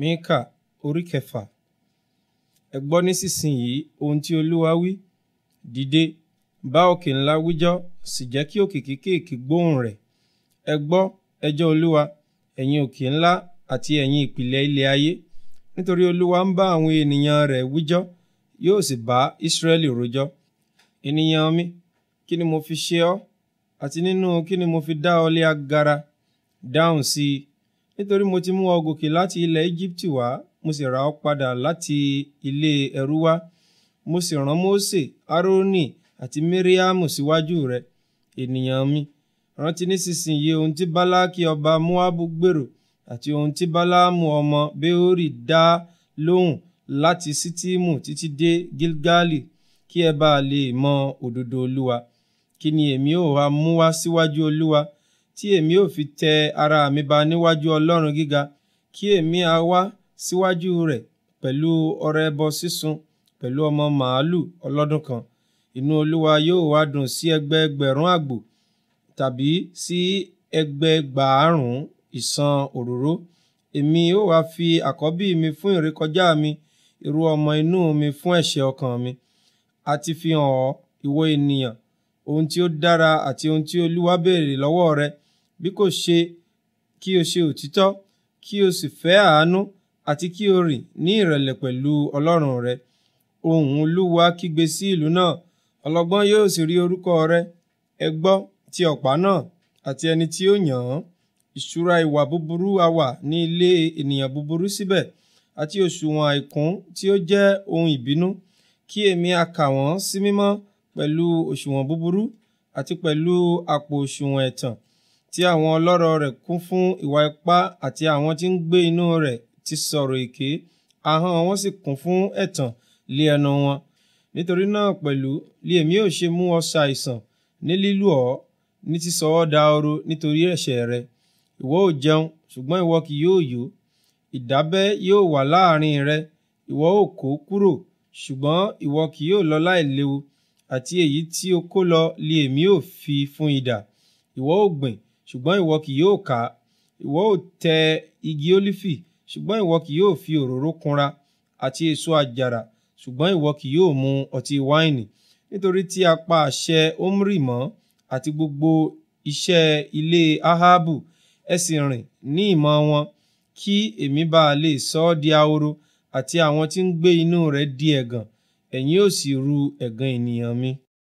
Míkà orí kẹfà ẹ gbọ́ nísinsìnyí ohun tí Olúwa wí dìde bá òkè ńlá wíjọ́ sì jẹ́ kí òkè kéékèèké gbóhùn rẹ̀ ẹ gbọ́ ẹjọ́ Olúwa ẹ̀yin òkè ńlá àti ẹ̀yin ìpìlẹ̀ ilẹ̀ ayé nítorí Olúwa ń bá àwọn ènìyàn rẹ̀ wíjọ́ yóò sì bá Ísírẹ́lì rojọ́ ènìyàn mi kí ni mo fi ṣe ọ́ àti nínú kí ni mo fi dá ọ lé agara dáhùn sí i nítorí mo ti mú ọ gòkè láti ilẹ̀ Íjíbítì wá mo sì rà ọ padà láti ilé ẹrú wá mo sì rán Mósè Árónì àti Míríámù síwájú rẹ ènìyàn mi rántí nísinsìnyí ohun tí Bálákì ọba Móábù gbèrò àti ohun tí Báláámù ọmọ Béórì dá lóhùn láti Sítìmù títí dé Gilgali kí ẹ bá lè mọ òdodo Olúwa kí ni èmi ó ha mú wá síwájú Olúwa. Si tí èmi ò fi tẹ ara mi ba níwájú Ọlọ́run gíga kí èmi a wá síwájú rẹ̀ pẹ̀lú ọrẹ ẹbọ sísun pẹ̀lú ọmọ màálù ọlọ́dún kan inú Olúwa yóò wá dùn sí ẹgbẹẹgbẹ̀rún àgbò tàbí sí ẹgbẹẹgbàárùn ìṣàn òróró èmi ó wá fi àkọ́bí mi fún ìrékọjá mi irú ọmọ inú mi fún ẹ̀ṣẹ̀ ọkàn mi àti fi hàn ọ́ ìwọ ènìyàn ohun tí ó dára àti ohun tí Olúwa béèrè lọ́wọ́ rẹ bí kò ṣe kí o ṣe òtítọ́ kí o sì fẹ́ àánú àti kí o rìn ní ìrẹ̀lẹ̀ pẹ̀lú ọlọ́run rẹ ohùn olúwa kígbe sí ìlú náà ọlọ́gbọ́n yóò sì rí orúkọ rẹ ẹ gbọ́ ti ọ̀pá náà àti ẹni tí ó yàn án ìṣúra ìwà búburú a ní ilé ènìyàn búburú síbẹ̀ àti òṣùwọ̀n àìkún tí ó jẹ́ ohun ìbínú kí èmi a wọ́n sí mímọ́ pẹ̀lú òṣùwọ̀n búburú àti pẹ̀lú àpò òṣùwọ̀n ẹ̀tàn tí àwọn ọlọ́rọ̀ rẹ̀ kún fún ìwà ipá àti àwọn tí ń gbé inú rẹ̀ ti sọ̀rọ̀ èké ahọ́n wọn sì kún fún ẹ̀tàn lé ẹnu wọn nítorí náà pẹ̀lú lé èmi ò ṣe mú ọ ṣàìsàn ní lílù ọ́ ní sísọ ọ́ dahoro nítorí ẹ̀ṣẹ̀ rẹ ìwọ ò jẹun ṣùgbọ́n ìwọ kì yóò yó ìdábẹ́ yóò wà láàrin rẹ ìwọ ò kó kúrò ṣùgbọ́n ìwọ kì yóò lọ láìléwu àti èyí tí o kó lọ lé èmi ò fi fún idà ìwọ ò gbìn ṣùgbọ́n ìwọ kì yóò ká ìwọ ò tẹ igi ólífì ṣùgbọ́n ìwọ kì yóò fi òróró kunra àti èso àjàrà ṣùgbọ́n ìwọ kì yóò mu ọtí wáìnì nítorí tí a àṣẹ omri mọ́ àti gbogbo iṣẹ́ ilé ahabu ẹ sì rìn ní ìmọ̀ wọn kí èmi bá a lè sọ ọ́ di ahoro àti àwọn tí ń gbé inú rẹ̀ di ẹ̀gàn ẹ̀yin ó sì ru ẹ̀gàn ènìyàn mi.